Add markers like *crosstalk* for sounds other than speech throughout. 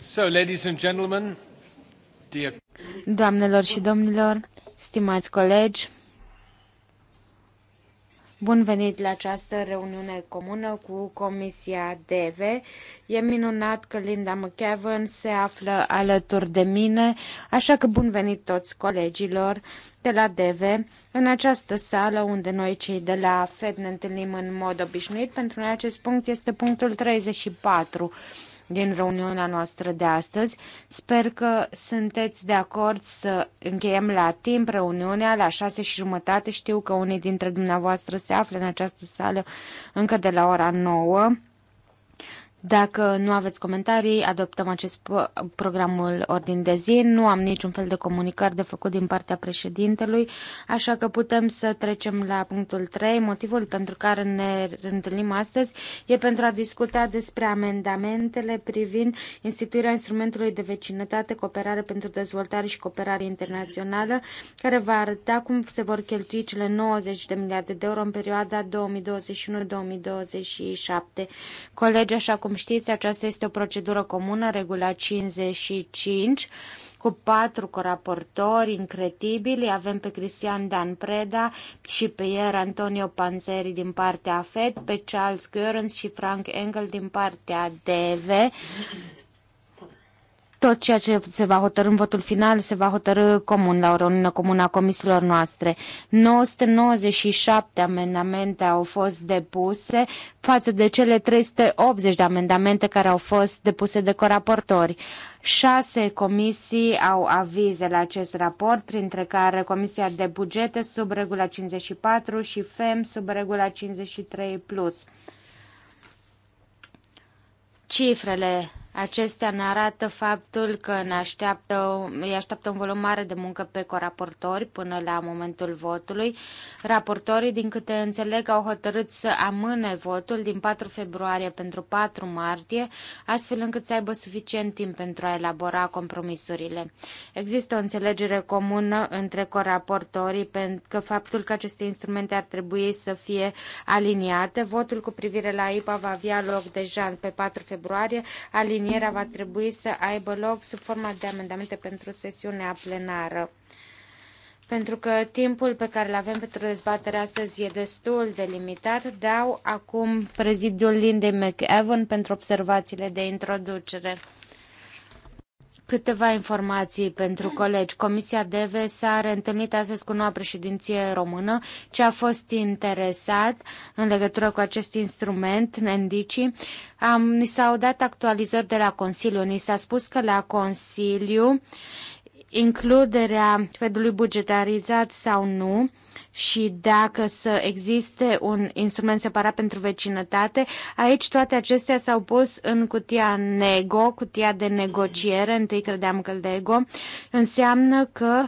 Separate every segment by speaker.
Speaker 1: So, ladies and gentlemen, dear...
Speaker 2: Doamnelor și domnilor, stimați colegi, Bun venit la această reuniune comună cu Comisia DV. E minunat că Linda McEvan se află alături de mine, așa că bun venit toți colegilor de la DV în această sală unde noi cei de la FED ne întâlnim în mod obișnuit. Pentru noi acest punct este punctul 34 din reuniunea noastră de astăzi. Sper că sunteți de acord să încheiem la timp reuniunea, la șase și jumătate. Știu că unii dintre dumneavoastră se află în această sală încă de la ora nouă. Dacă nu aveți comentarii, adoptăm acest programul ordin de zi. Nu am niciun fel de comunicare de făcut din partea președintelui, așa că putem să trecem la punctul 3. Motivul pentru care ne întâlnim astăzi e pentru a discuta despre amendamentele privind instituirea instrumentului de vecinătate, cooperare pentru dezvoltare și cooperare internațională, care va arăta cum se vor cheltui cele 90 de miliarde de euro în perioada 2021-2027. Colegi, așa cum cum știți, aceasta este o procedură comună, regula 55, cu patru coraportori incredibili. Avem pe Cristian Dan Preda și pe Ier Antonio Panzeri din partea FED, pe Charles Görens și Frank Engel din partea DV. Tot ceea ce se va hotărâ în votul final se va hotărâ comun la o reuniune comună a comisiilor noastre. 997 amendamente au fost depuse față de cele 380 de amendamente care au fost depuse de coraportori. Șase comisii au avize la acest raport, printre care Comisia de Bugete sub regula 54 și FEM sub regula 53+. Cifrele Acestea ne arată faptul că ne așteaptă, îi așteaptă un volum mare de muncă pe coraportori până la momentul votului. Raportorii, din câte înțeleg, au hotărât să amâne votul din 4 februarie pentru 4 martie, astfel încât să aibă suficient timp pentru a elabora compromisurile. Există o înțelegere comună între coraportorii pentru că faptul că aceste instrumente ar trebui să fie aliniate. Votul cu privire la IPA va avea loc deja pe 4 februarie, aliniat Alinierea va trebui să aibă loc sub forma de amendamente pentru sesiunea plenară. Pentru că timpul pe care îl avem pentru dezbaterea astăzi e destul de limitat, dau acum prezidiul Lindei McEwan pentru observațiile de introducere. Câteva informații pentru colegi. Comisia DEVE s-a reîntâlnit astăzi cu noua președinție română. Ce a fost interesat în legătură cu acest instrument, NDICI, um, ni s-au dat actualizări de la Consiliu. Ni s-a spus că la Consiliu includerea fedului bugetarizat sau nu și dacă să existe un instrument separat pentru vecinătate, aici toate acestea s-au pus în cutia nego, cutia de negociere, întâi credeam că ego, înseamnă că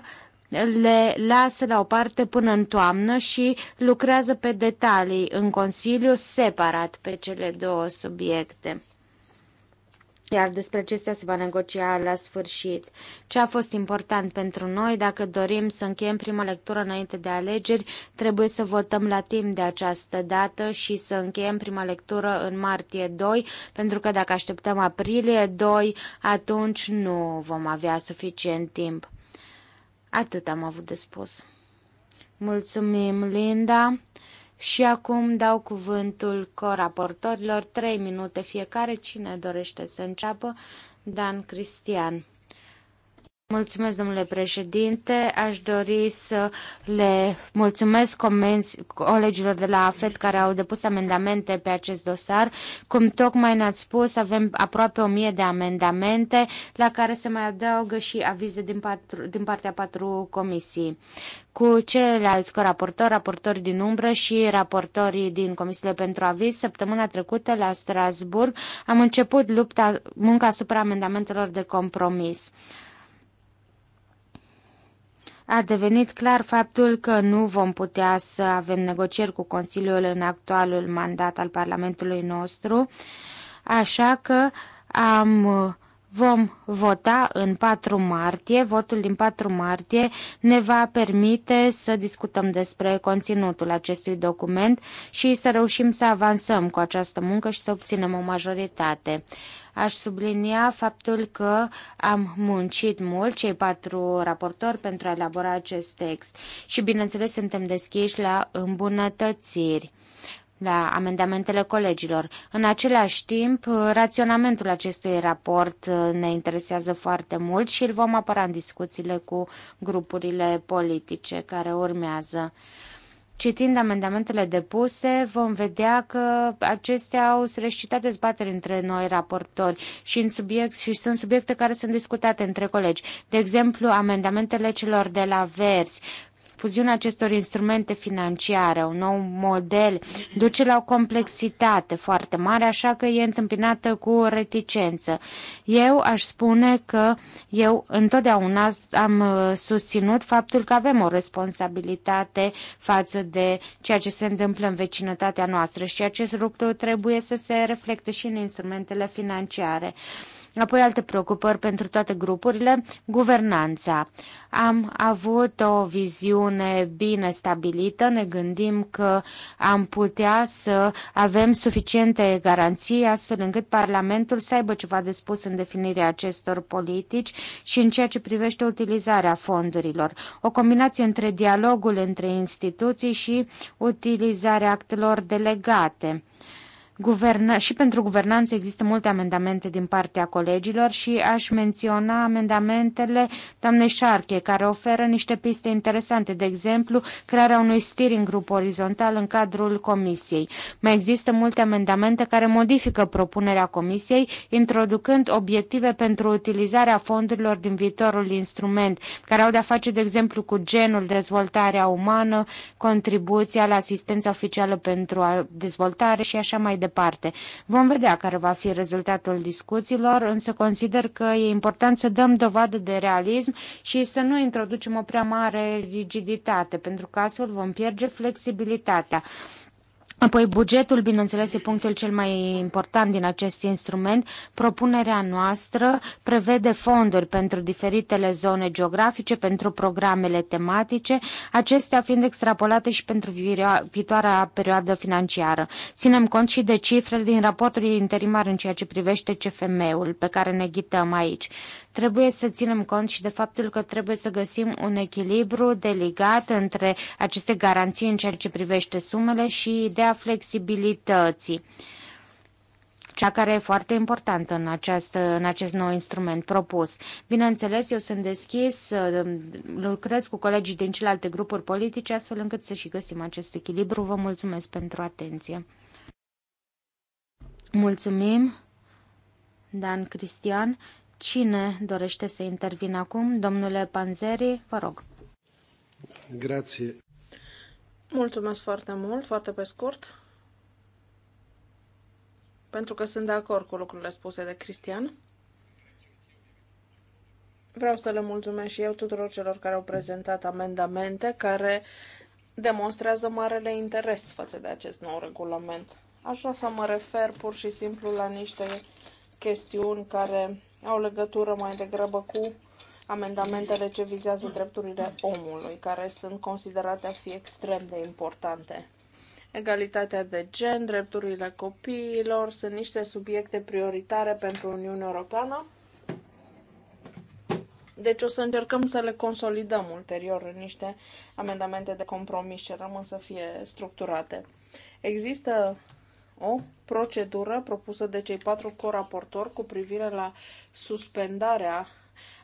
Speaker 2: le lasă la o parte până în toamnă și lucrează pe detalii în Consiliu separat pe cele două subiecte iar despre acestea se va negocia la sfârșit. Ce a fost important pentru noi, dacă dorim să încheiem prima lectură înainte de alegeri, trebuie să votăm la timp de această dată și să încheiem prima lectură în martie 2, pentru că dacă așteptăm aprilie 2, atunci nu vom avea suficient timp. Atât am avut de spus. Mulțumim, Linda. Și acum dau cuvântul coraportorilor, trei minute fiecare, cine dorește să înceapă, Dan Cristian. Mulțumesc, domnule președinte. Aș dori să le mulțumesc comenzi, colegilor de la AFET care au depus amendamente pe acest dosar. Cum tocmai ne-ați spus, avem aproape o mie de amendamente, la care se mai adaugă și avize din, patru, din partea patru comisii. Cu ceilalți coraportori, raportori din umbră și raportorii din Comisiile pentru Aviz, săptămâna trecută la Strasburg am început lupta, munca asupra amendamentelor de compromis a devenit clar faptul că nu vom putea să avem negocieri cu Consiliul în actualul mandat al Parlamentului nostru, așa că am vom vota în 4 martie. Votul din 4 martie ne va permite să discutăm despre conținutul acestui document și să reușim să avansăm cu această muncă și să obținem o majoritate. Aș sublinia faptul că am muncit mult, cei patru raportori, pentru a elabora acest text și, bineînțeles, suntem deschiși la îmbunătățiri la amendamentele colegilor. În același timp, raționamentul acestui raport uh, ne interesează foarte mult și îl vom apăra în discuțiile cu grupurile politice care urmează. Citind amendamentele depuse, vom vedea că acestea au solicitat dezbateri între noi raportori și, în subiect, și sunt subiecte care sunt discutate între colegi. De exemplu, amendamentele celor de la Verzi Fuziunea acestor instrumente financiare, un nou model, duce la o complexitate foarte mare, așa că e întâmpinată cu reticență. Eu aș spune că eu întotdeauna am uh, susținut faptul că avem o responsabilitate față de ceea ce se întâmplă în vecinătatea noastră și acest lucru trebuie să se reflecte și în instrumentele financiare. Apoi alte preocupări pentru toate grupurile, guvernanța. Am avut o viziune bine stabilită, ne gândim că am putea să avem suficiente garanții astfel încât Parlamentul să aibă ceva de spus în definirea acestor politici și în ceea ce privește utilizarea fondurilor. O combinație între dialogul între instituții și utilizarea actelor delegate. Guverna- și pentru guvernanță există multe amendamente din partea colegilor și aș menționa amendamentele doamnei Șarche, care oferă niște piste interesante, de exemplu, crearea unui steering group orizontal în cadrul comisiei. Mai există multe amendamente care modifică propunerea comisiei, introducând obiective pentru utilizarea fondurilor din viitorul instrument, care au de-a face, de exemplu, cu genul, dezvoltarea umană, contribuția la asistența oficială pentru dezvoltare și așa mai departe departe. Vom vedea care va fi rezultatul discuțiilor, însă consider că e important să dăm dovadă de realism și să nu introducem o prea mare rigiditate, pentru că astfel vom pierde flexibilitatea. Apoi bugetul, bineînțeles, e punctul cel mai important din acest instrument. Propunerea noastră prevede fonduri pentru diferitele zone geografice, pentru programele tematice, acestea fiind extrapolate și pentru viitoarea perioadă financiară. Ținem cont și de cifrele din raportul interimar în ceea ce privește CFM-ul, pe care ne ghităm aici. Trebuie să ținem cont și de faptul că trebuie să găsim un echilibru delicat între aceste garanții în ceea ce privește sumele și ideea flexibilității cea care e foarte importantă în, această, în acest nou instrument propus. Bineînțeles, eu sunt deschis, um, lucrez cu colegii din celelalte grupuri politice, astfel încât să și găsim acest echilibru. Vă mulțumesc pentru atenție. Mulțumim, Dan Cristian. Cine dorește să intervină acum? Domnule Panzeri, vă rog. Grație.
Speaker 3: Mulțumesc foarte mult, foarte pe scurt. Pentru că sunt de acord cu lucrurile spuse de Cristian. Vreau să le mulțumesc și eu tuturor celor care au prezentat amendamente care demonstrează marele interes față de acest nou regulament. Aș vrea să mă refer pur și simplu la niște chestiuni care au legătură mai degrabă cu amendamentele ce vizează drepturile omului, care sunt considerate a fi extrem de importante. Egalitatea de gen, drepturile copiilor sunt niște subiecte prioritare pentru Uniunea Europeană. Deci o să încercăm să le consolidăm ulterior în niște amendamente de compromis ce rămân să fie structurate. Există o procedură propusă de cei patru coraportori cu privire la suspendarea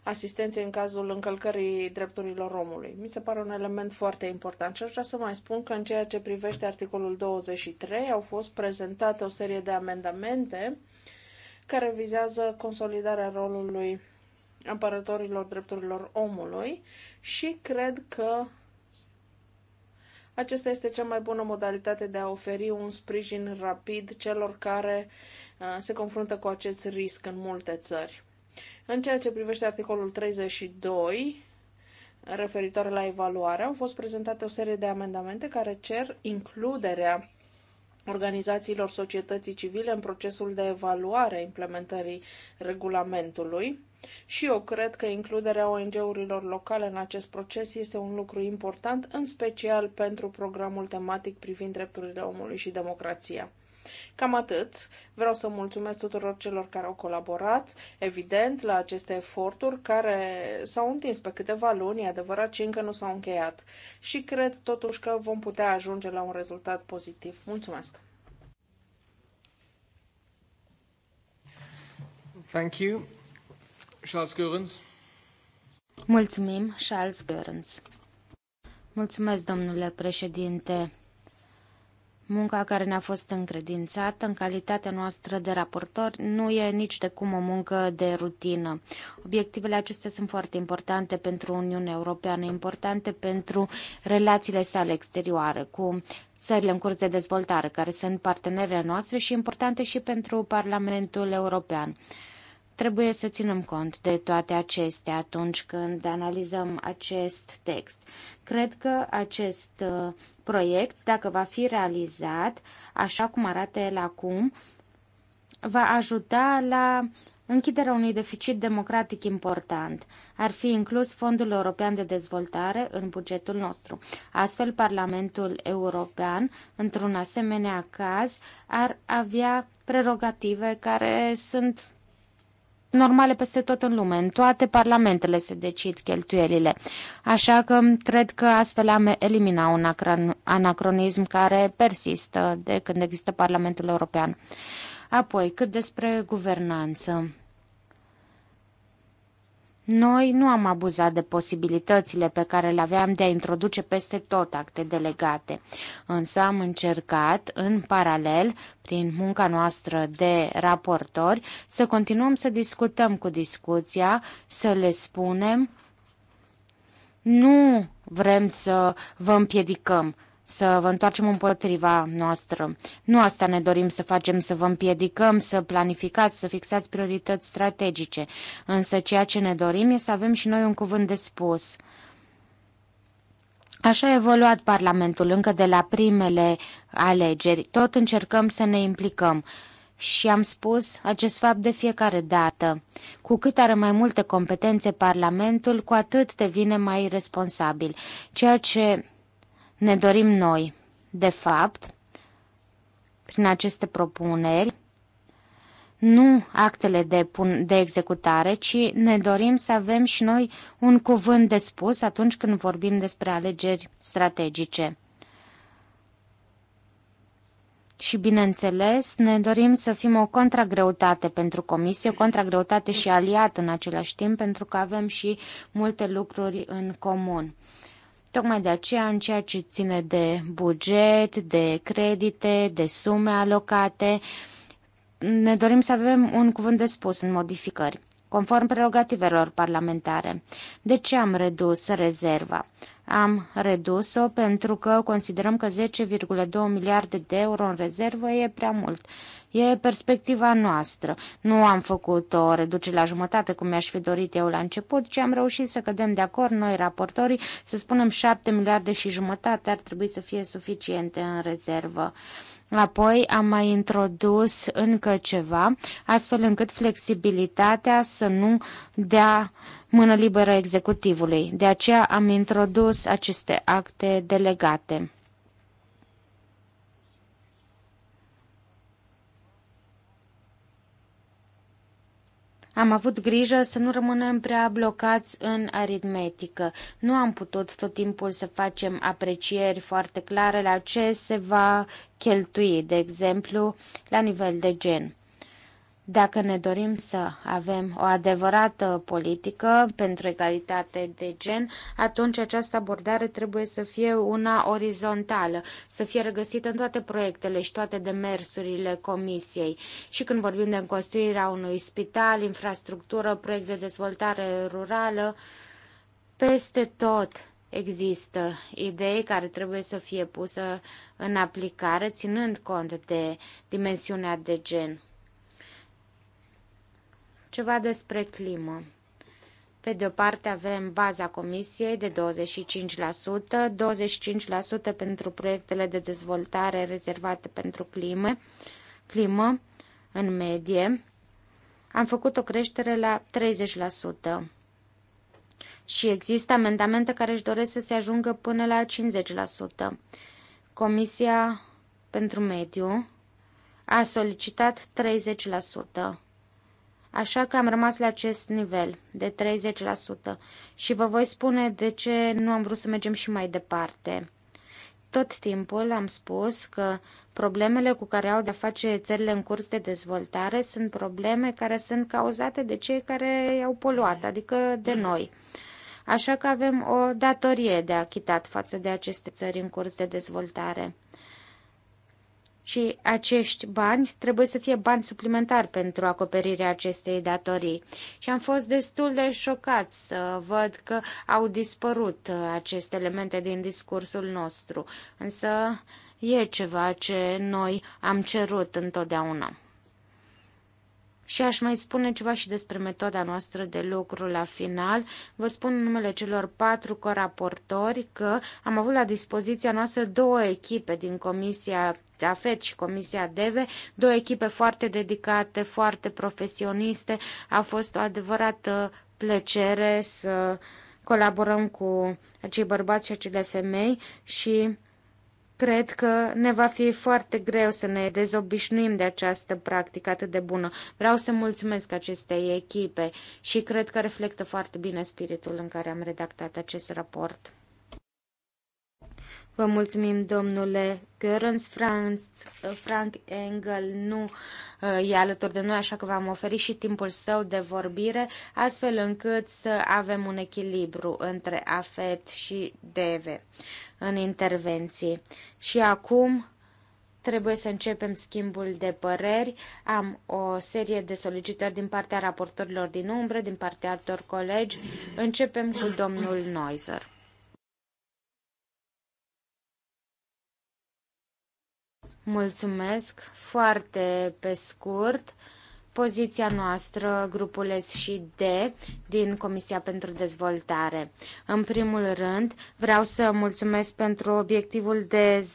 Speaker 3: asistenței în cazul încălcării drepturilor omului. Mi se pare un element foarte important și aș vrea să mai spun că în ceea ce privește articolul 23 au fost prezentate o serie de amendamente care vizează consolidarea rolului apărătorilor drepturilor omului și cred că acesta este cea mai bună modalitate de a oferi un sprijin rapid celor care uh, se confruntă cu acest risc în multe țări. În ceea ce privește articolul 32, referitor la evaluare, au fost prezentate o serie de amendamente care cer includerea organizațiilor societății civile în procesul de evaluare a implementării regulamentului și eu cred că includerea ONG-urilor locale în acest proces este un lucru important, în special pentru programul tematic privind drepturile omului și democrația. Cam atât. Vreau să mulțumesc tuturor celor care au colaborat, evident, la aceste eforturi care s-au întins pe câteva luni, e adevărat, și încă nu s-au încheiat. Și cred totuși că vom putea ajunge la un rezultat pozitiv. Mulțumesc!
Speaker 1: Thank you. Charles Görens.
Speaker 2: Mulțumim, Charles Görens. Mulțumesc, domnule președinte. Munca care ne-a fost încredințată în calitatea noastră de raportor nu e nici de cum o muncă de rutină. Obiectivele acestea sunt foarte importante pentru Uniunea Europeană, importante pentru relațiile sale exterioare cu țările în curs de dezvoltare, care sunt partenerele noastre și importante și pentru Parlamentul European. Trebuie să ținem cont de toate acestea atunci când analizăm acest text. Cred că acest uh, proiect, dacă va fi realizat așa cum arată el acum, va ajuta la închiderea unui deficit democratic important. Ar fi inclus Fondul European de Dezvoltare în bugetul nostru. Astfel, Parlamentul European, într-un asemenea caz, ar avea prerogative care sunt normale peste tot în lume. În toate parlamentele se decid cheltuielile. Așa că cred că astfel am elimina un anacronism care persistă de când există Parlamentul European. Apoi, cât despre guvernanță. Noi nu am abuzat de posibilitățile pe care le aveam de a introduce peste tot acte delegate, însă am încercat, în paralel, prin munca noastră de raportori, să continuăm să discutăm cu discuția, să le spunem nu vrem să vă împiedicăm, să vă întoarcem împotriva noastră. Nu asta ne dorim să facem, să vă împiedicăm, să planificați, să fixați priorități strategice, însă ceea ce ne dorim e să avem și noi un cuvânt de spus. Așa a evoluat Parlamentul încă de la primele alegeri. Tot încercăm să ne implicăm. Și am spus acest fapt de fiecare dată. Cu cât are mai multe competențe Parlamentul, cu atât devine mai responsabil. Ceea ce ne dorim noi. De fapt, prin aceste propuneri, nu actele de, pun, de executare, ci ne dorim să avem și noi un cuvânt de spus atunci când vorbim despre alegeri strategice. Și, bineînțeles, ne dorim să fim o contragreutate pentru comisie, o contragreutate și aliat în același timp, pentru că avem și multe lucruri în comun. Tocmai de aceea, în ceea ce ține de buget, de credite, de sume alocate, ne dorim să avem un cuvânt de spus în modificări, conform prerogativelor parlamentare. De ce am redus rezerva? am redus-o pentru că considerăm că 10,2 miliarde de euro în rezervă e prea mult. E perspectiva noastră. Nu am făcut o reducere la jumătate cum mi-aș fi dorit eu la început, ci am reușit să cădem de acord noi raportorii, să spunem 7 miliarde și jumătate ar trebui să fie suficiente în rezervă. Apoi am mai introdus încă ceva, astfel încât flexibilitatea să nu dea mână liberă executivului. De aceea am introdus aceste acte delegate. Am avut grijă să nu rămânem prea blocați în aritmetică. Nu am putut tot timpul să facem aprecieri foarte clare la ce se va cheltui, de exemplu, la nivel de gen. Dacă ne dorim să avem o adevărată politică pentru egalitate de gen, atunci această abordare trebuie să fie una orizontală, să fie regăsită în toate proiectele și toate demersurile comisiei. Și când vorbim de construirea unui spital, infrastructură, proiect de dezvoltare rurală, peste tot există idei care trebuie să fie pusă în aplicare, ținând cont de dimensiunea de gen. Ceva despre climă. Pe de o parte avem baza comisiei de 25%, 25% pentru proiectele de dezvoltare rezervate pentru climă, climă în medie. Am făcut o creștere la 30%. Și există amendamente care își doresc să se ajungă până la 50%. Comisia pentru mediu a solicitat 30%. Așa că am rămas la acest nivel de 30% și vă voi spune de ce nu am vrut să mergem și mai departe. Tot timpul am spus că problemele cu care au de-a face țările în curs de dezvoltare sunt probleme care sunt cauzate de cei care i-au poluat, adică de noi. Așa că avem o datorie de achitat față de aceste țări în curs de dezvoltare și acești bani trebuie să fie bani suplimentari pentru acoperirea acestei datorii. Și am fost destul de șocat să văd că au dispărut uh, aceste elemente din discursul nostru. Însă e ceva ce noi am cerut întotdeauna. Și aș mai spune ceva și despre metoda noastră de lucru la final. Vă spun în numele celor patru coraportori că am avut la dispoziția noastră două echipe din Comisia AFET și Comisia DEVE, două echipe foarte dedicate, foarte profesioniste. A fost o adevărată plăcere să colaborăm cu acei bărbați și acele femei și Cred că ne va fi foarte greu să ne dezobișnuim de această practică atât de bună. Vreau să mulțumesc acestei echipe și cred că reflectă foarte bine spiritul în care am redactat acest raport. Vă mulțumim, domnule Görens. Franz, Frank Engel nu uh, e alături de noi, așa că v-am oferit și timpul său de vorbire, astfel încât să avem un echilibru între AFET și DEVE în intervenții. Și acum trebuie să începem schimbul de păreri. Am o serie de solicitări din partea raportorilor din umbră, din partea altor colegi. Începem cu domnul Noizer. Mulțumesc. Foarte pe scurt, poziția noastră, grupul S și D din Comisia pentru Dezvoltare. În primul rând, vreau să mulțumesc pentru obiectivul de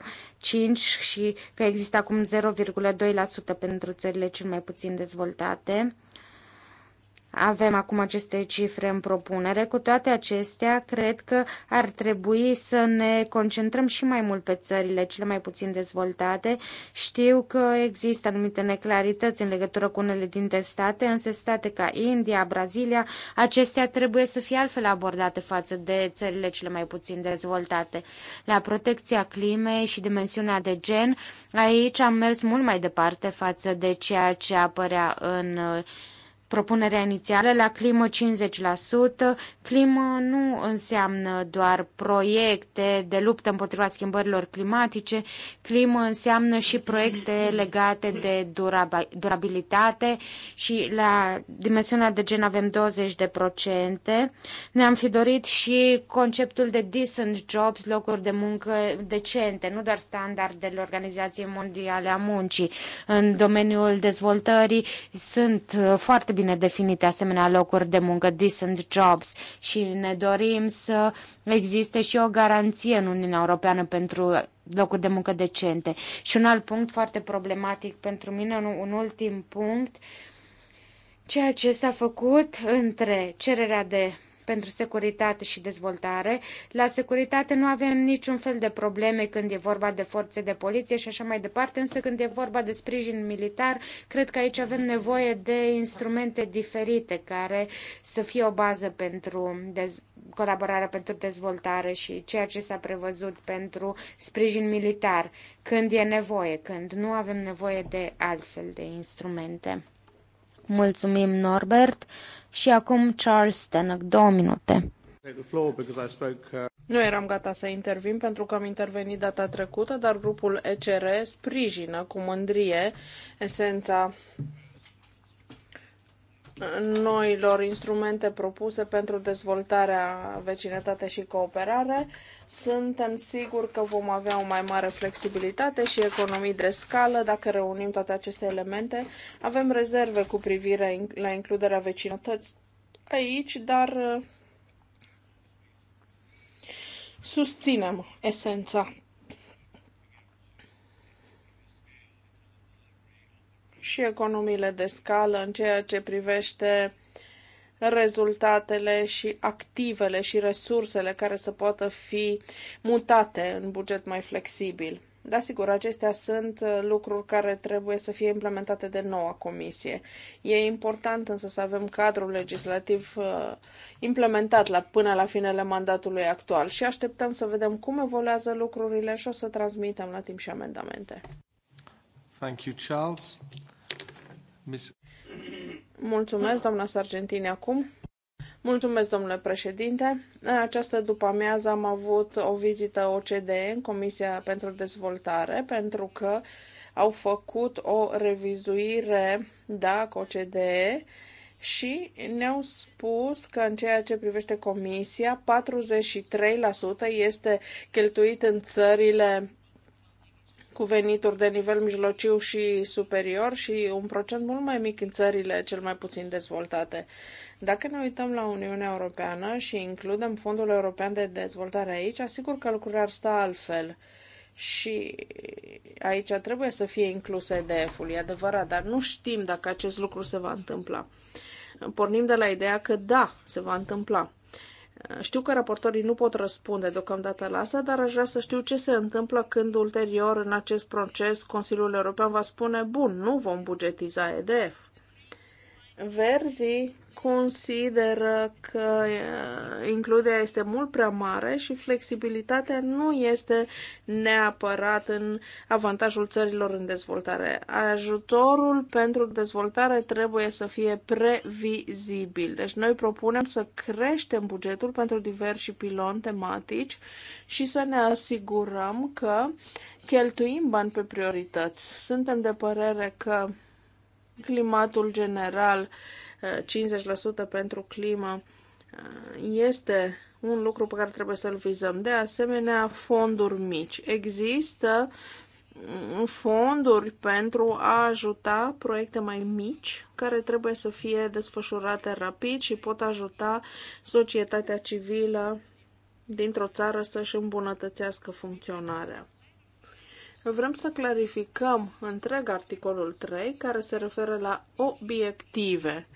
Speaker 2: 0,5 și că există acum 0,2% pentru țările cel mai puțin dezvoltate avem acum aceste cifre în propunere. Cu toate acestea, cred că ar trebui să ne concentrăm și mai mult pe țările cele mai puțin dezvoltate. Știu că există anumite neclarități în legătură cu unele dintre state, însă state ca India, Brazilia, acestea trebuie să fie altfel abordate față de țările cele mai puțin dezvoltate. La protecția climei și dimensiunea de gen, aici am mers mult mai departe față de ceea ce apărea în uh, propunerea inițială la climă 50%. Climă nu înseamnă doar proiecte de luptă împotriva schimbărilor climatice, climă înseamnă și proiecte legate de durabilitate și la dimensiunea de gen avem 20%. Ne-am fi dorit și conceptul de decent jobs, locuri de muncă decente, nu doar standardele Organizației Mondiale a Muncii. În domeniul dezvoltării sunt uh, foarte bine definite asemenea locuri de muncă, decent jobs și ne dorim să existe și o garanție în Uniunea Europeană pentru locuri de muncă decente. Și un alt punct foarte problematic pentru mine, un ultim punct, ceea ce s-a făcut între cererea de pentru securitate și dezvoltare. La securitate nu avem niciun fel de probleme când e vorba de forțe de poliție și așa mai departe, însă când e vorba de sprijin militar, cred că aici avem nevoie de instrumente diferite care să fie o bază pentru dez- colaborarea pentru dezvoltare și ceea ce s-a prevăzut pentru sprijin militar când e nevoie, când nu avem nevoie de altfel de instrumente. Mulțumim, Norbert. Și acum Charles Stenock, două minute. Uh, nu
Speaker 3: eram gata să intervin pentru că am intervenit data trecută, dar grupul ECR sprijină cu mândrie esența noilor instrumente propuse pentru dezvoltarea vecinătate și cooperare, suntem siguri că vom avea o mai mare flexibilitate și economii de scală dacă reunim toate aceste elemente. Avem rezerve cu privire la includerea vecinătății aici, dar uh, susținem esența și economiile de scală în ceea ce privește rezultatele și activele și resursele care să poată fi mutate în buget mai flexibil. Da, sigur, acestea sunt uh, lucruri care trebuie să fie implementate de noua comisie. E important însă să avem cadrul legislativ uh, implementat la, până la finele mandatului actual și așteptăm să vedem cum evoluează lucrurile și o să transmitem la timp și amendamente.
Speaker 1: Thank you, Charles.
Speaker 3: Mulțumesc, doamna Sargentini, acum. Mulțumesc, domnule președinte. În această după-amiază am avut o vizită OCDE în Comisia pentru Dezvoltare pentru că au făcut o revizuire da, cu OCDE și ne-au spus că în ceea ce privește comisia, 43% este cheltuit în țările cu venituri de nivel mijlociu și superior și un procent mult mai mic în țările cel mai puțin dezvoltate. Dacă ne uităm la Uniunea Europeană și includem Fondul European de Dezvoltare aici, asigur că lucrurile ar sta altfel. Și aici trebuie să fie inclus EDF-ul, e adevărat, dar nu știm dacă acest lucru se va întâmpla. Pornim de la ideea că da, se va întâmpla. Știu că raportorii nu pot răspunde deocamdată la asta, dar aș vrea să știu ce se întâmplă când ulterior în acest proces Consiliul European va spune, bun, nu vom bugetiza EDF. Verzi consideră că uh, includerea este mult prea mare și flexibilitatea nu este neapărat în avantajul țărilor în dezvoltare. Ajutorul pentru dezvoltare trebuie să fie previzibil. Deci noi propunem să creștem bugetul pentru diversi piloni tematici și să ne asigurăm că cheltuim bani pe priorități. Suntem de părere că climatul general, 50% pentru climă, este un lucru pe care trebuie să-l vizăm. De asemenea, fonduri mici. Există fonduri pentru a ajuta proiecte mai mici care trebuie să fie desfășurate rapid și pot ajuta societatea civilă dintr-o țară să-și îmbunătățească funcționarea. Vrem să clarificăm întreg articolul 3 care se referă la obiective.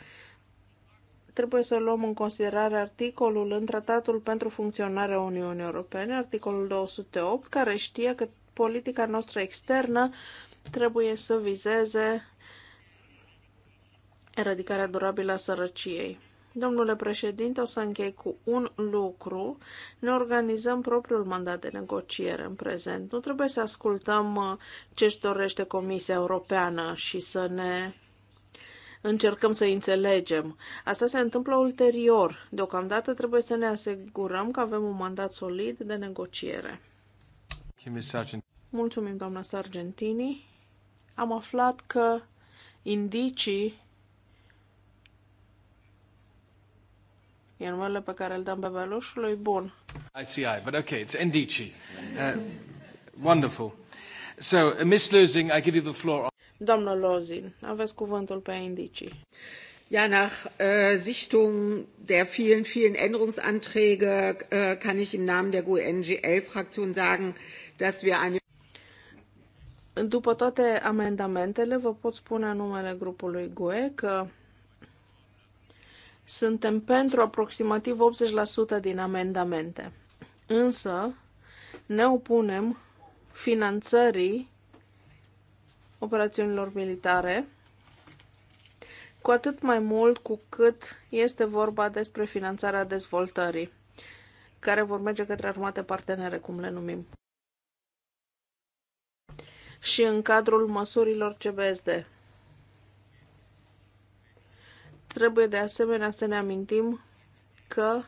Speaker 3: Trebuie să luăm în considerare articolul în Tratatul pentru funcționarea Uniunii Europene, articolul 208, care știe că politica noastră externă trebuie să vizeze eradicarea durabilă a sărăciei. Domnule președinte, o să închei cu un lucru. Ne organizăm propriul mandat de negociere în prezent. Nu trebuie să ascultăm uh, ce își dorește Comisia Europeană și să ne încercăm să înțelegem. Asta se întâmplă ulterior. Deocamdată trebuie să ne asigurăm că avem un mandat solid de negociere. Mulțumim, doamna Sargentini. Am aflat că indicii E numele pe care îl dăm bebelușului? Bun.
Speaker 1: I see I, but okay, it's NDC. Uh, wonderful. So, uh, Miss Losing, I give you the floor.
Speaker 3: Doamnă Lozin, aveți cuvântul pe indicii. Ja, nach äh, Sichtung der vielen, vielen Änderungsanträge äh, kann ich im Namen der GUE-NGL-Fraktion sagen, dass wir eine După toate amendamentele, vă pot spune numele grupului GUE că suntem pentru aproximativ 80% din amendamente. Însă ne opunem finanțării operațiunilor militare, cu atât mai mult cu cât este vorba despre finanțarea dezvoltării, care vor merge către armate partenere, cum le numim. Și în cadrul măsurilor CBSD. Trebuie de asemenea să ne amintim că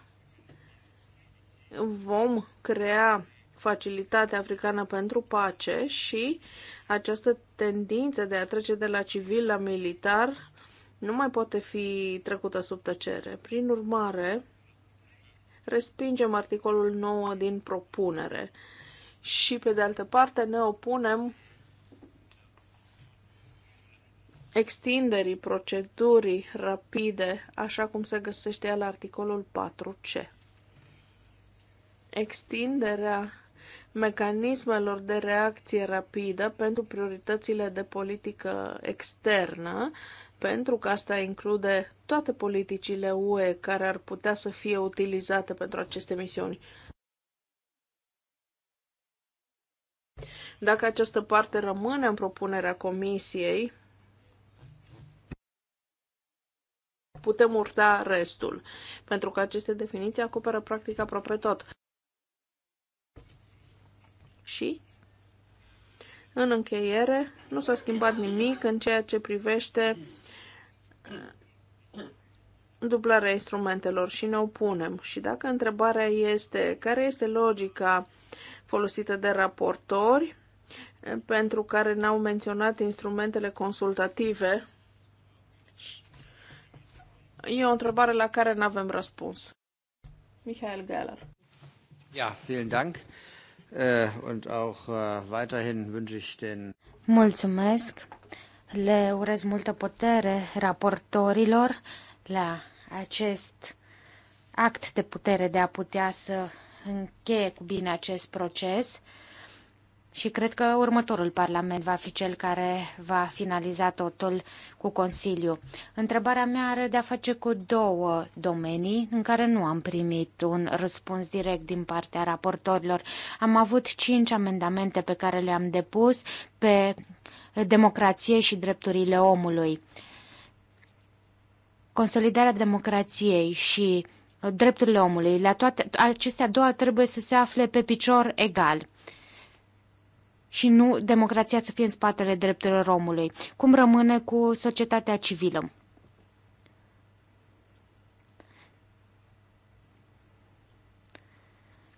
Speaker 3: vom crea Facilitatea Africană pentru Pace și această tendință de a trece de la civil la militar nu mai poate fi trecută sub tăcere. Prin urmare, respingem articolul 9 din propunere și, pe de altă parte, ne opunem extinderii procedurii rapide, așa cum se găsește la articolul 4c. Extinderea mecanismelor de reacție rapidă pentru prioritățile de politică externă, pentru că asta include toate politicile UE care ar putea să fie utilizate pentru aceste misiuni. Dacă această parte rămâne în propunerea Comisiei, putem urda restul, pentru că aceste definiții acoperă practic aproape tot. Și, în încheiere, nu s-a schimbat nimic în ceea ce privește uh, dublarea instrumentelor și ne opunem. Și dacă întrebarea este care este logica folosită de raportori uh, pentru care n-au menționat instrumentele consultative, E o întrebare la care nu avem răspuns. Michael Geller.
Speaker 2: Ja, vielen Dank. Uh, und auch uh, weiterhin wünsche ich den Mulțumesc. Le urez multă putere raportorilor la acest act de putere de a putea să încheie cu bine acest proces și cred că următorul Parlament va fi cel care va finaliza totul cu Consiliu. Întrebarea mea are de-a face cu două domenii în care nu am primit un răspuns direct din partea raportorilor. Am avut cinci amendamente pe care le-am depus pe democrație și drepturile omului. Consolidarea democrației și drepturile omului, la toate acestea două trebuie să se afle pe picior egal și nu democrația să fie în spatele drepturilor omului. Cum rămâne cu societatea civilă?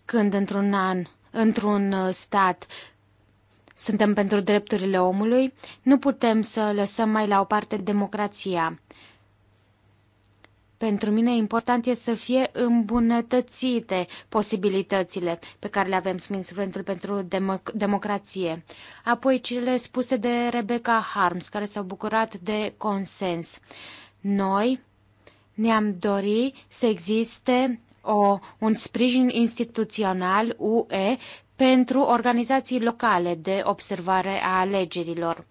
Speaker 2: Când într-un an, într-un uh, stat, suntem pentru drepturile omului, nu putem să lăsăm mai la o parte democrația. Pentru mine important este să fie îmbunătățite posibilitățile pe care le avem sub instrumentul pentru democ- democrație. Apoi cele spuse de Rebecca Harms, care s-au bucurat de consens. Noi ne-am dorit să existe o, un sprijin instituțional UE pentru organizații locale de observare a alegerilor.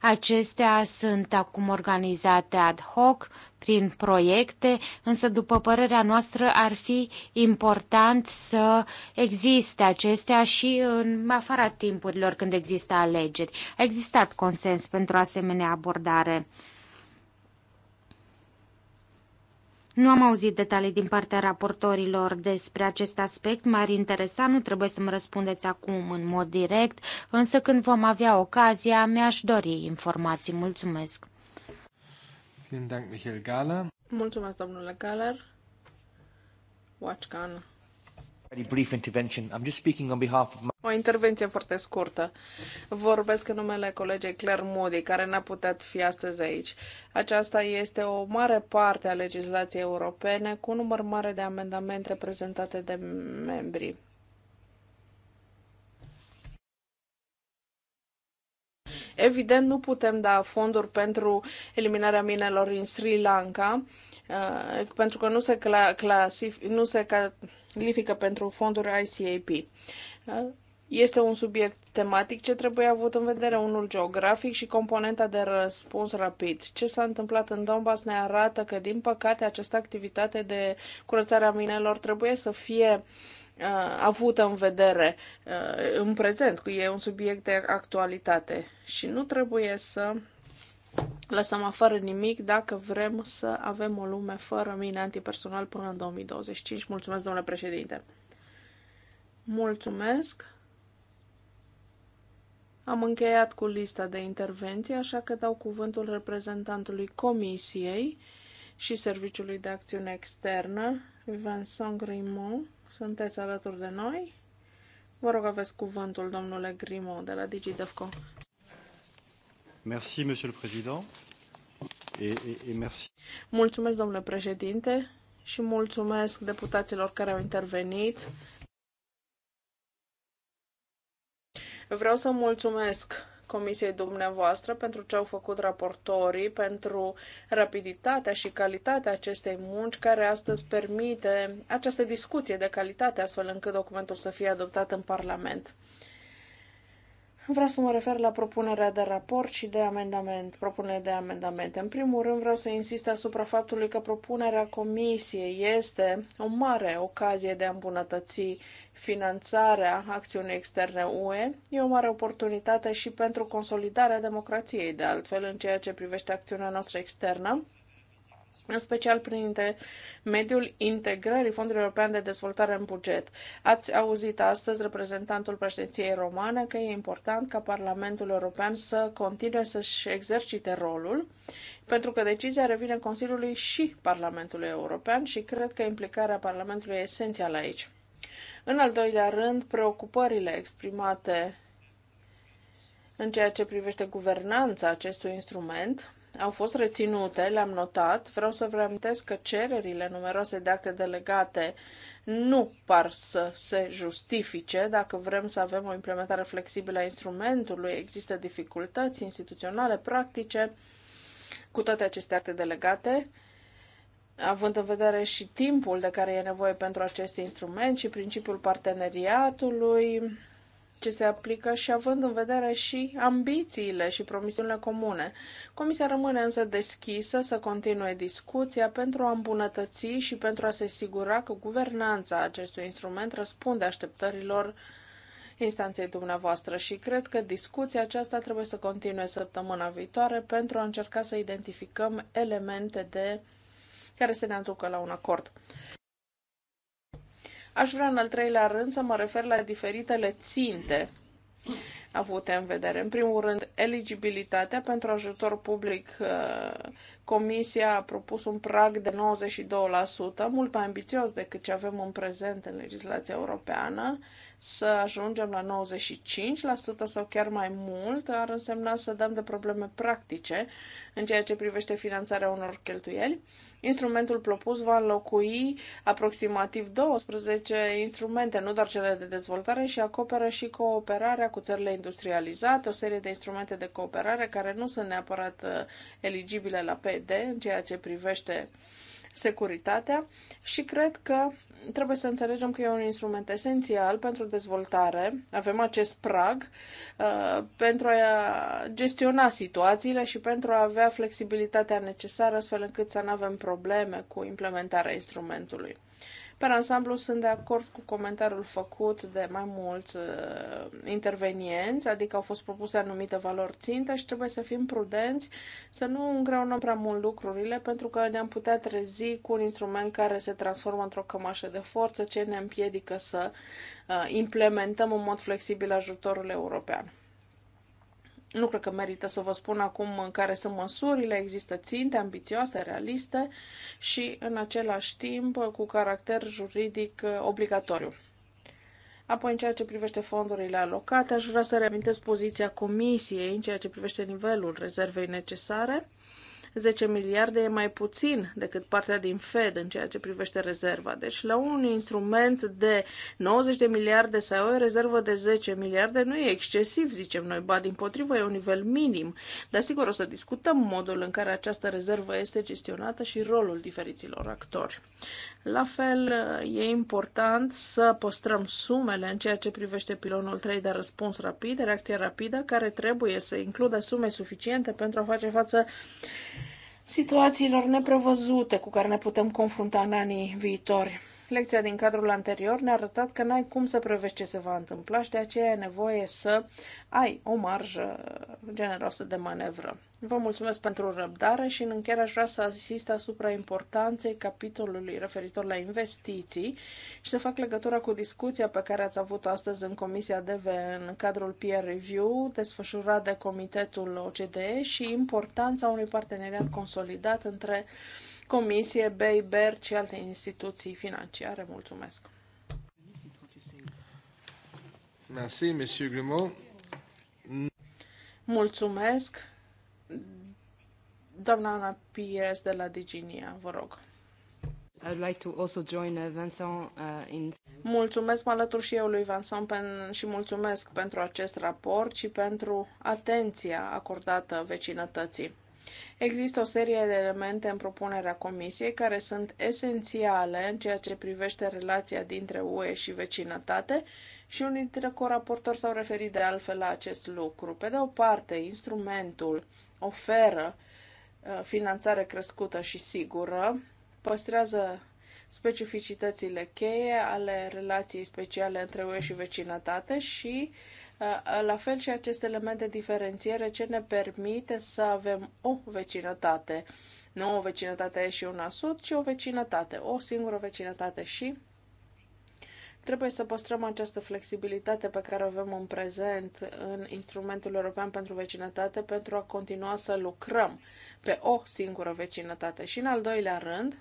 Speaker 2: Acestea sunt acum organizate ad hoc, prin proiecte, însă, după părerea noastră, ar fi important să existe acestea și în afara timpurilor când există alegeri. A existat consens pentru asemenea abordare. Nu am auzit detalii din partea raportorilor despre acest aspect, m-ar interesa, nu trebuie să-mi răspundeți acum în mod direct, însă când vom avea ocazia, mi-aș dori informații. Mulțumesc! Vielen Dank, Michael
Speaker 3: Mulțumesc, domnule Galer. Watchcan o intervenție foarte scurtă. Vorbesc în numele colegei Claire Moody, care n-a putut fi astăzi aici. Aceasta este o mare parte a legislației europene, cu un număr mare de amendamente prezentate de membri. Evident, nu putem da fonduri pentru eliminarea minelor în Sri Lanka, uh, pentru că nu se, clasifică. clasif- nu se ca- glifică pentru fonduri ICAP. Este un subiect tematic ce trebuie avut în vedere, unul geografic și componenta de răspuns rapid. Ce s-a întâmplat în Donbass ne arată că, din păcate, această activitate de curățare a minelor trebuie să fie uh, avută în vedere uh, în prezent, că e un subiect de actualitate și nu trebuie să lăsăm afară nimic dacă vrem să avem o lume fără mine antipersonal până în 2025. Mulțumesc, domnule președinte! Mulțumesc! Am încheiat cu lista de intervenții, așa că dau cuvântul reprezentantului Comisiei și Serviciului de Acțiune Externă, Vincent Grimaud. Sunteți alături de noi? Vă rog, aveți cuvântul, domnule Grimaud. de la DigiDevCo.
Speaker 1: Merci, monsieur le président. Et, et, et merci.
Speaker 3: Mulțumesc, domnule președinte, și mulțumesc deputaților care au intervenit. Vreau să mulțumesc comisiei dumneavoastră pentru ce au făcut raportorii, pentru rapiditatea și calitatea acestei munci care astăzi permite această discuție de calitate astfel încât documentul să fie adoptat în Parlament. Vreau să mă refer la propunerea de raport și de amendament, propunere de amendamente. În primul rând vreau să insist asupra faptului că propunerea comisiei este o mare ocazie de a îmbunătăți finanțarea acțiunii externe UE. E o mare oportunitate și pentru consolidarea democrației, de altfel, în ceea ce privește acțiunea noastră externă în special prin mediul integrării Fondului European de Dezvoltare în buget. Ați auzit astăzi reprezentantul președinției romane că e important ca Parlamentul European să continue să-și exercite rolul, pentru că decizia revine Consiliului și Parlamentului European și cred că implicarea Parlamentului e esențială aici. În al doilea rând, preocupările exprimate în ceea ce privește guvernanța acestui instrument, au fost reținute, le-am notat. Vreau să vă reamintesc că cererile numeroase de acte delegate nu par să se justifice. Dacă vrem să avem o implementare flexibilă a instrumentului, există dificultăți instituționale, practice cu toate aceste acte delegate având în vedere și timpul de care e nevoie pentru acest instrument și principiul parteneriatului, ce se aplică și având în vedere și ambițiile și promisiunile comune. Comisia rămâne însă deschisă să continue discuția pentru a îmbunătăți și pentru a se asigura că guvernanța acestui instrument răspunde așteptărilor instanței dumneavoastră și cred că discuția aceasta trebuie să continue săptămâna viitoare pentru a încerca să identificăm elemente de care să ne aducă la un acord. Aș vrea în al treilea rând să mă refer la diferitele ținte avute în vedere. În primul rând, eligibilitatea pentru ajutor public. Uh, Comisia a propus un prag de 92%, mult mai ambițios decât ce avem în prezent în legislația europeană, să ajungem la 95% sau chiar mai mult, ar însemna să dăm de probleme practice în ceea ce privește finanțarea unor cheltuieli. Instrumentul propus va înlocui aproximativ 12 instrumente, nu doar cele de dezvoltare, și acoperă și cooperarea cu țările industrializate, o serie de instrumente de cooperare care nu sunt neapărat uh, eligibile la PD în ceea ce privește uh, securitatea și cred că trebuie să înțelegem că e un instrument esențial pentru dezvoltare. Avem acest prag uh, pentru a gestiona situațiile și pentru a avea flexibilitatea necesară astfel încât să nu avem probleme cu implementarea instrumentului. Pe ansamblu sunt de acord cu comentariul făcut de mai mulți uh, intervenienți, adică au fost propuse anumite valori ținte și trebuie să fim prudenți, să nu îngreunăm prea mult lucrurile, pentru că ne-am putea trezi cu un instrument care se transformă într-o cămașă de forță, ce ne împiedică să uh, implementăm în mod flexibil ajutorul european. Nu cred că merită să vă spun acum în care sunt măsurile, există ținte ambițioase, realiste și în același timp cu caracter juridic uh, obligatoriu. Apoi, în ceea ce privește fondurile alocate, aș vrea să reamintesc poziția Comisiei în ceea ce privește nivelul rezervei necesare. 10 miliarde e mai puțin decât partea din Fed în ceea ce privește rezerva. Deci la un instrument de 90 de miliarde sau o rezervă de 10 miliarde nu e excesiv, zicem noi, ba din potrivă e un nivel minim. Dar sigur o să discutăm modul în care această rezervă este gestionată și rolul diferiților actori. La fel, e important să păstrăm sumele în ceea ce privește pilonul 3 de răspuns rapid, reacție rapidă, care trebuie să includă sume suficiente pentru a face față situațiilor neprevăzute cu care ne putem confrunta în anii viitori. Lecția din cadrul anterior ne-a arătat că n-ai cum să prevezi ce se va întâmpla și de aceea e nevoie să ai o marjă generoasă de manevră. Vă mulțumesc pentru răbdare și în încheiere aș vrea să asist asupra importanței capitolului referitor la investiții și să fac legătura cu discuția pe care ați avut-o astăzi în Comisia DV în cadrul peer review desfășurat de Comitetul OCDE și importanța unui parteneriat consolidat între Comisie, BEI, Ber și alte instituții financiare. Mulțumesc! Mulțumesc! Doamna Ana Pires de la Diginia, vă rog.
Speaker 2: I'd like to also join uh, Vincent uh, in...
Speaker 3: Mulțumesc, mă alătur și eu lui Vincent pen, și mulțumesc pentru acest raport și pentru atenția acordată vecinătății. Există o serie de elemente în propunerea Comisiei care sunt esențiale în ceea ce privește relația dintre UE și vecinătate și unii dintre coraportori s-au referit de altfel la acest lucru. Pe de o parte, instrumentul oferă uh, Uh, finanțare crescută și sigură, păstrează specificitățile cheie ale relației speciale între UE și vecinătate și uh, la fel și acest element de diferențiere ce ne permite să avem o vecinătate, nu o vecinătate și una sud, ci o vecinătate, o singură vecinătate și Trebuie să păstrăm această flexibilitate pe care o avem în prezent în instrumentul european pentru vecinătate pentru a continua să lucrăm pe o singură vecinătate. Și în al doilea rând,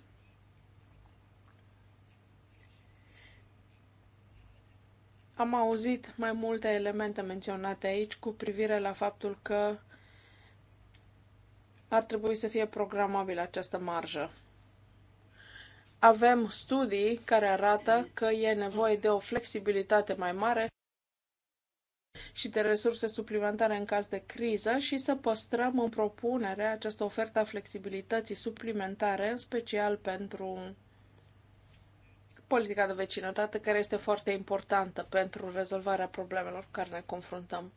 Speaker 3: Am auzit mai multe elemente menționate aici cu privire la faptul că ar trebui să fie programabilă această marjă. Avem studii care arată că e nevoie de o flexibilitate mai mare și de resurse suplimentare în caz de criză și să păstrăm în propunere această ofertă a flexibilității suplimentare, în special pentru politica de vecinătate, care este foarte importantă pentru rezolvarea problemelor cu care ne confruntăm.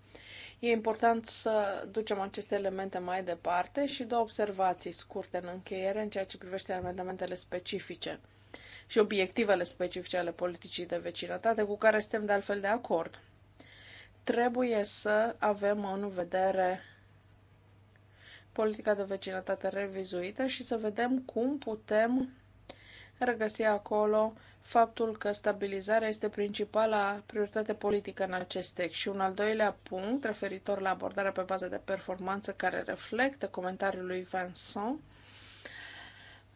Speaker 3: E important să ducem aceste elemente mai departe și două observații scurte în încheiere în ceea ce privește amendamentele specifice și obiectivele specifice ale politicii de vecinătate, cu care suntem de altfel de acord. Trebuie să avem în vedere politica de vecinătate revizuită și să vedem cum putem regăsi acolo faptul că stabilizarea este principala prioritate politică în acest text și un al doilea punct referitor la abordarea pe bază de performanță care reflectă comentariul lui Vincent.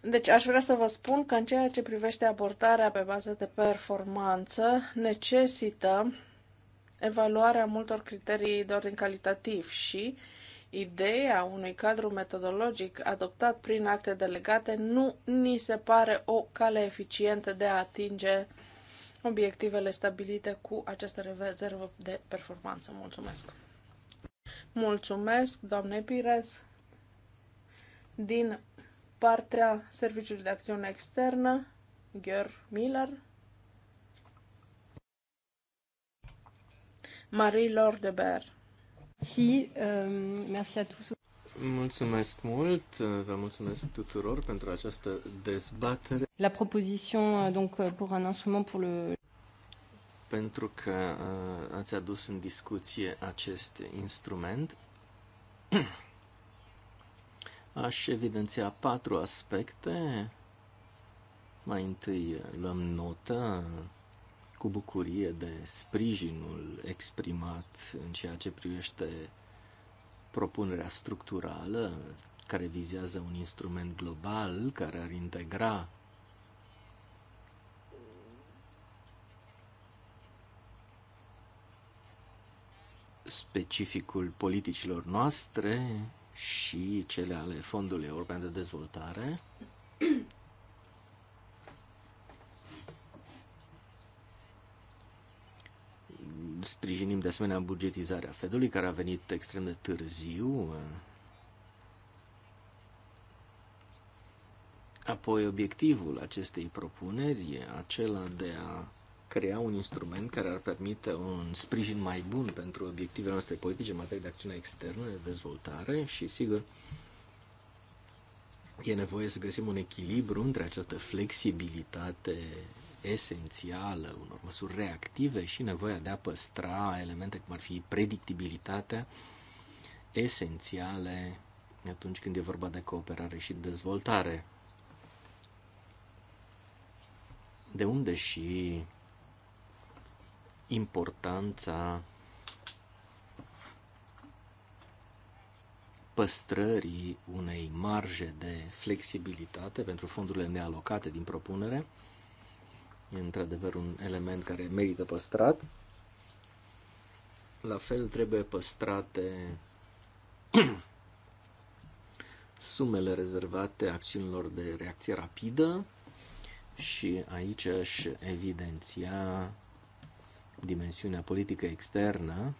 Speaker 3: Deci aș vrea să vă spun că în ceea ce privește abordarea pe bază de performanță necesită evaluarea multor criterii de ordin calitativ și uh, Ideea unui cadru metodologic adoptat prin acte delegate nu ni se pare o cale eficientă de a atinge obiectivele stabilite cu această rezervă de performanță. Mulțumesc! Mulțumesc, doamne Pires! Din partea Serviciului de Acțiune Externă, Gheor Miller, Marie-Laure de Ber uh, merci à tous.
Speaker 1: Mulțumesc mult, vă mulțumesc tuturor pentru această dezbatere.
Speaker 3: La propoziție, euh, donc euh, pour un instrument pour le
Speaker 1: pentru că euh, ați adus în discuție acest instrument. *clears throat* Aș evidenția patru aspecte. Mai întâi luăm notă cu bucurie de sprijinul exprimat în ceea ce privește propunerea structurală care vizează un instrument global care ar integra specificul politicilor noastre și cele ale Fondului European de Dezvoltare. Sprijinim de asemenea bugetizarea Fedului, care a venit extrem de târziu. Apoi, obiectivul acestei propuneri e acela de a crea un instrument care ar permite un sprijin mai bun pentru obiectivele noastre politice în materie de acțiune externă, de dezvoltare și, sigur, e nevoie să găsim un echilibru între această flexibilitate esențială, unor măsuri reactive și nevoia de a păstra elemente cum ar fi predictibilitatea esențiale atunci când e vorba de cooperare și dezvoltare. De unde și importanța păstrării unei marje de flexibilitate pentru fondurile nealocate din propunere, E într-adevăr un element care merită păstrat. La fel trebuie păstrate *clears throat* sumele rezervate acțiunilor de reacție rapidă și aici aș evidenția dimensiunea politică externă.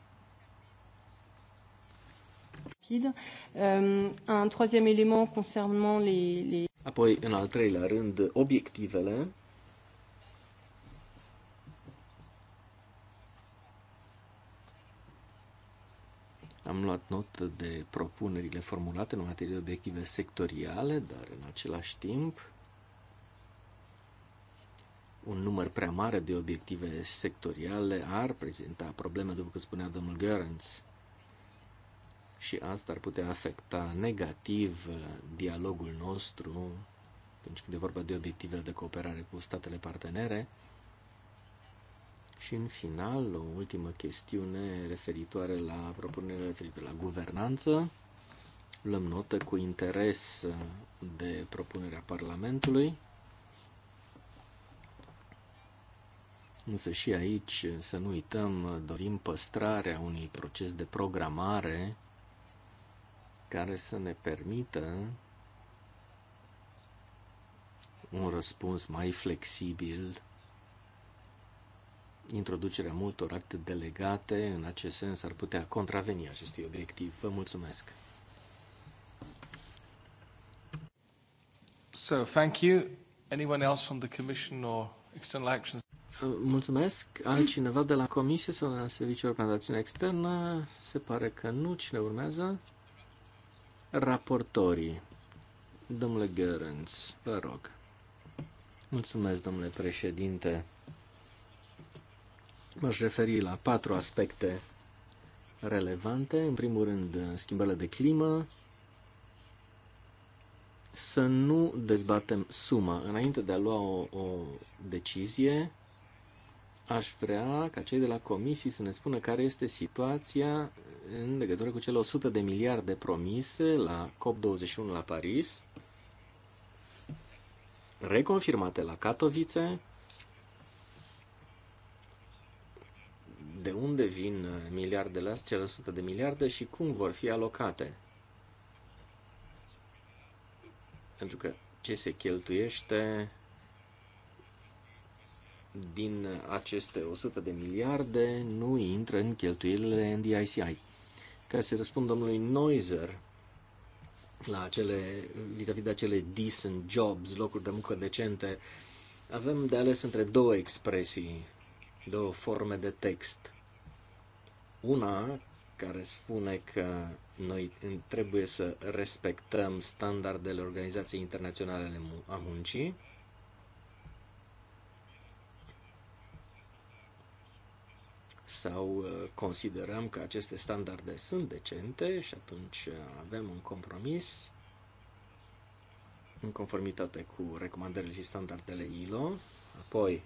Speaker 2: Rapid. Ehm, un troisième élément concernant les...
Speaker 1: Apoi, în al treilea rând, obiectivele not de propunerile formulate în materie de obiective sectoriale, dar în același timp un număr prea mare de obiective sectoriale ar prezenta probleme, după cum spunea domnul Görens. Și asta ar putea afecta negativ uh, dialogul nostru atunci când e vorba de obiectivele de cooperare cu statele partenere. Și în final, o ultimă chestiune referitoare la propunerea referitoare la guvernanță. Luăm notă cu interes de propunerea Parlamentului. Însă și aici, să nu uităm, dorim păstrarea unui proces de programare care să ne permită un răspuns mai flexibil introducerea multor acte delegate în acest sens ar putea contraveni acestui obiectiv. Vă mulțumesc! So, thank you. Anyone else from the Commission or External Actions? Uh, mulțumesc. Altcineva de la Comisie sau de la Serviciul pentru Acțiune Externă? Se pare că nu. Cine urmează? Raportorii. Domnule Gerens, vă rog. Mulțumesc, domnule președinte. M-aș referi la patru aspecte relevante. În primul rând, schimbările de climă. Să nu dezbatem suma. Înainte de a lua o, o decizie, aș vrea ca cei de la comisii să ne spună care este situația în legătură cu cele 100 de miliarde promise la COP21 la Paris, reconfirmate la Katowice, de unde vin miliardele astea, cele 100 de miliarde și cum vor fi alocate. Pentru că ce se cheltuiește din aceste 100 de miliarde nu intră în cheltuielile NDICI. Ca să răspund domnului noiser la acele, vis a -vis de acele decent jobs, locuri de muncă decente, avem de ales între două expresii două forme de text. Una care spune că noi trebuie să respectăm standardele Organizației Internaționale a Muncii, sau uh, considerăm că aceste standarde sunt decente și atunci uh, avem un compromis în conformitate cu recomandările și standardele ILO. Apoi,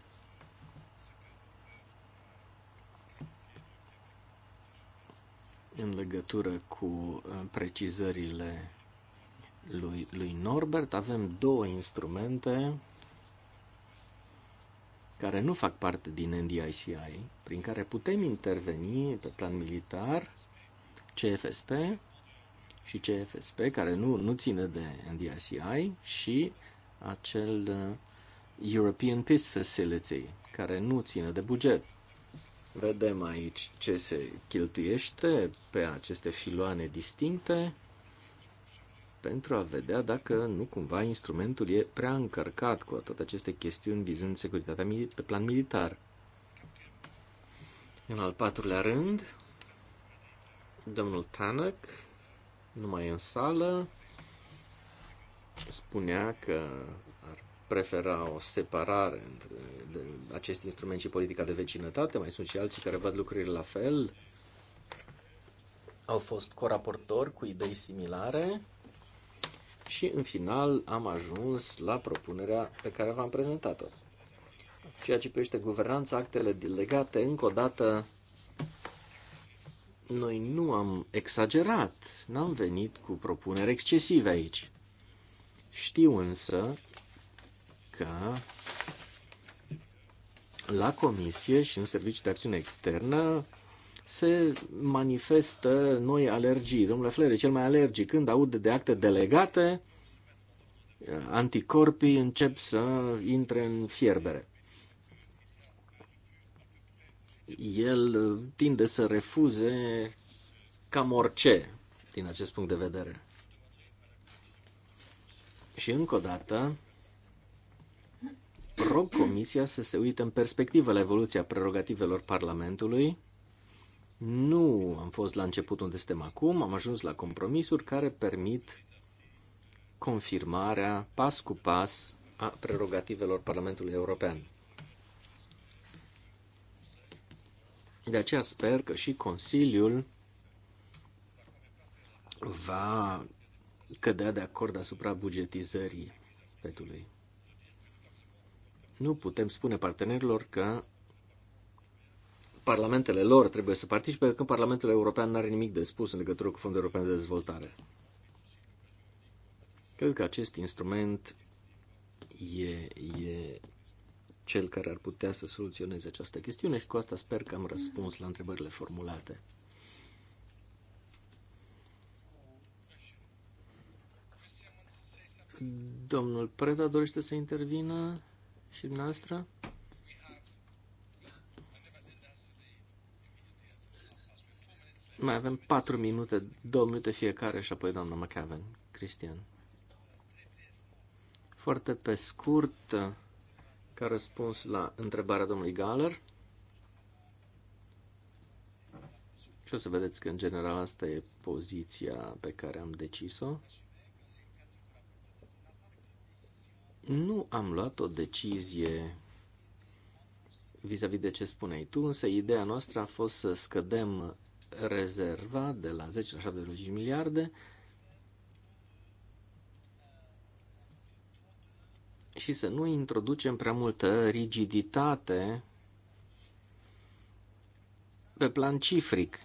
Speaker 1: în legătură cu uh, precizările lui, lui Norbert. Avem două instrumente care nu fac parte din NDICI, prin care putem interveni pe plan militar, CFSP și CFSP, care nu, nu ține de NDICI, și acel uh, European Peace Facility, care nu ține de buget. Vedem aici ce se cheltuiește pe aceste filoane distincte pentru a vedea dacă nu cumva instrumentul e prea încărcat cu toate aceste chestiuni vizând securitatea pe plan militar. În al patrulea rând, domnul Tanăc, numai în sală, spunea că prefera o separare între acest instrument și politica de vecinătate, mai sunt și alții care văd lucrurile la fel. Au fost coraportori cu idei similare și în final am ajuns la propunerea pe care v-am prezentat-o. Ceea ce privește guvernanța, actele delegate, încă o dată, noi nu am exagerat, n-am venit cu propuneri excesive aici. Știu însă că la Comisie și în Serviciul de Acțiune Externă se manifestă noi alergii. Domnule Flere, cel mai alergic, când aud de acte delegate, anticorpii încep să intre în fierbere. El tinde să refuze cam orice din acest punct de vedere. Și încă o dată, rog Comisia să se uită în perspectivă la evoluția prerogativelor Parlamentului. Nu am fost la început unde suntem acum, am ajuns la compromisuri care permit confirmarea pas cu pas a prerogativelor Parlamentului European. De aceea sper că și Consiliul va cădea de acord asupra bugetizării petului nu putem spune partenerilor că parlamentele lor trebuie să participe, că Parlamentul European nu are nimic de spus în legătură cu Fondul European de Dezvoltare. Cred că acest instrument e, e cel care ar putea să soluționeze această chestiune și cu asta sper că am răspuns la întrebările formulate. Domnul Preda dorește să intervină? și dumneavoastră. Mai avem 4 minute, 2 minute fiecare și apoi doamna McAven, Cristian. Foarte pe scurt, ca răspuns la întrebarea domnului Galler. Și o să vedeți că, în general, asta e poziția pe care am decis-o. Nu am luat o decizie vis-a-vis -vis de ce spuneai tu, însă ideea noastră a fost să scădem rezerva de la 10 la 7,5 miliarde și să nu introducem prea multă rigiditate pe plan cifric.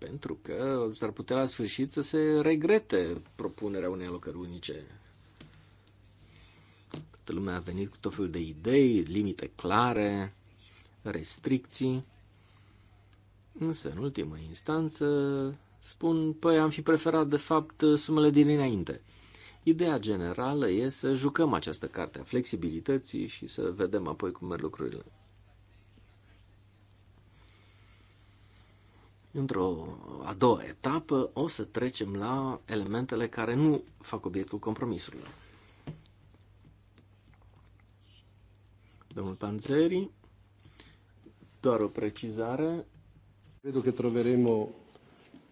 Speaker 1: Pentru că s-ar putea la sfârșit să se regrete propunerea unei alocări unice. Toată lumea a venit cu tot felul de idei, limite clare, restricții. Însă, în ultimă instanță, spun, păi am fi preferat, de fapt, sumele din înainte. Ideea generală e să jucăm această carte a flexibilității și să vedem apoi cum merg lucrurile. Într-o a doua etapă o să trecem la elementele care nu fac obiectul compromisurilor. Domnul Panzeri, doar o precizare. Cred că troveremo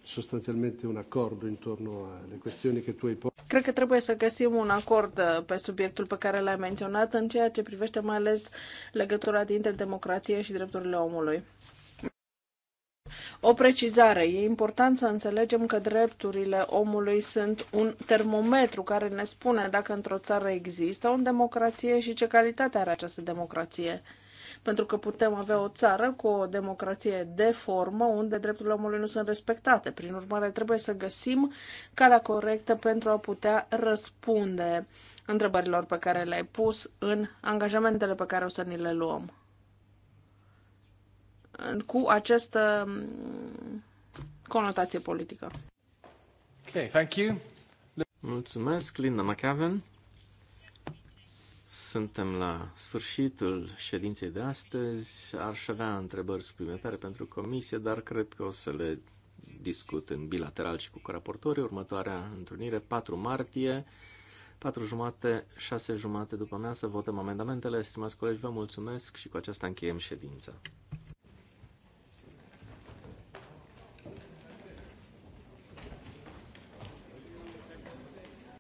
Speaker 1: sostanzialmente un acord intorno alle questioni che tu hai posto.
Speaker 3: Cred că trebuie să găsim un acord uh, pe subiectul pe care l-ai menționat în ceea ce privește mai ales legătura dintre democrație și drepturile omului. O precizare. E important să înțelegem că drepturile omului sunt un termometru care ne spune dacă într-o țară există o democrație și ce calitate are această democrație. Pentru că putem avea o țară cu o democrație de formă unde drepturile omului nu sunt respectate. Prin urmare, trebuie să găsim calea corectă pentru a putea răspunde întrebărilor pe care le-ai pus în angajamentele pe care o să ni le luăm cu această mm, conotație politică.
Speaker 1: Okay, thank you. Mulțumesc, Linda McAven. Suntem la sfârșitul ședinței de astăzi. Aș avea întrebări suplimentare pentru comisie, dar cred că o să le discut în bilateral și cu raportorii. Următoarea întâlnire, 4 martie, 4 jumate, 6 jumate după mea să votăm amendamentele. Stimați colegi, vă mulțumesc și cu aceasta încheiem ședința.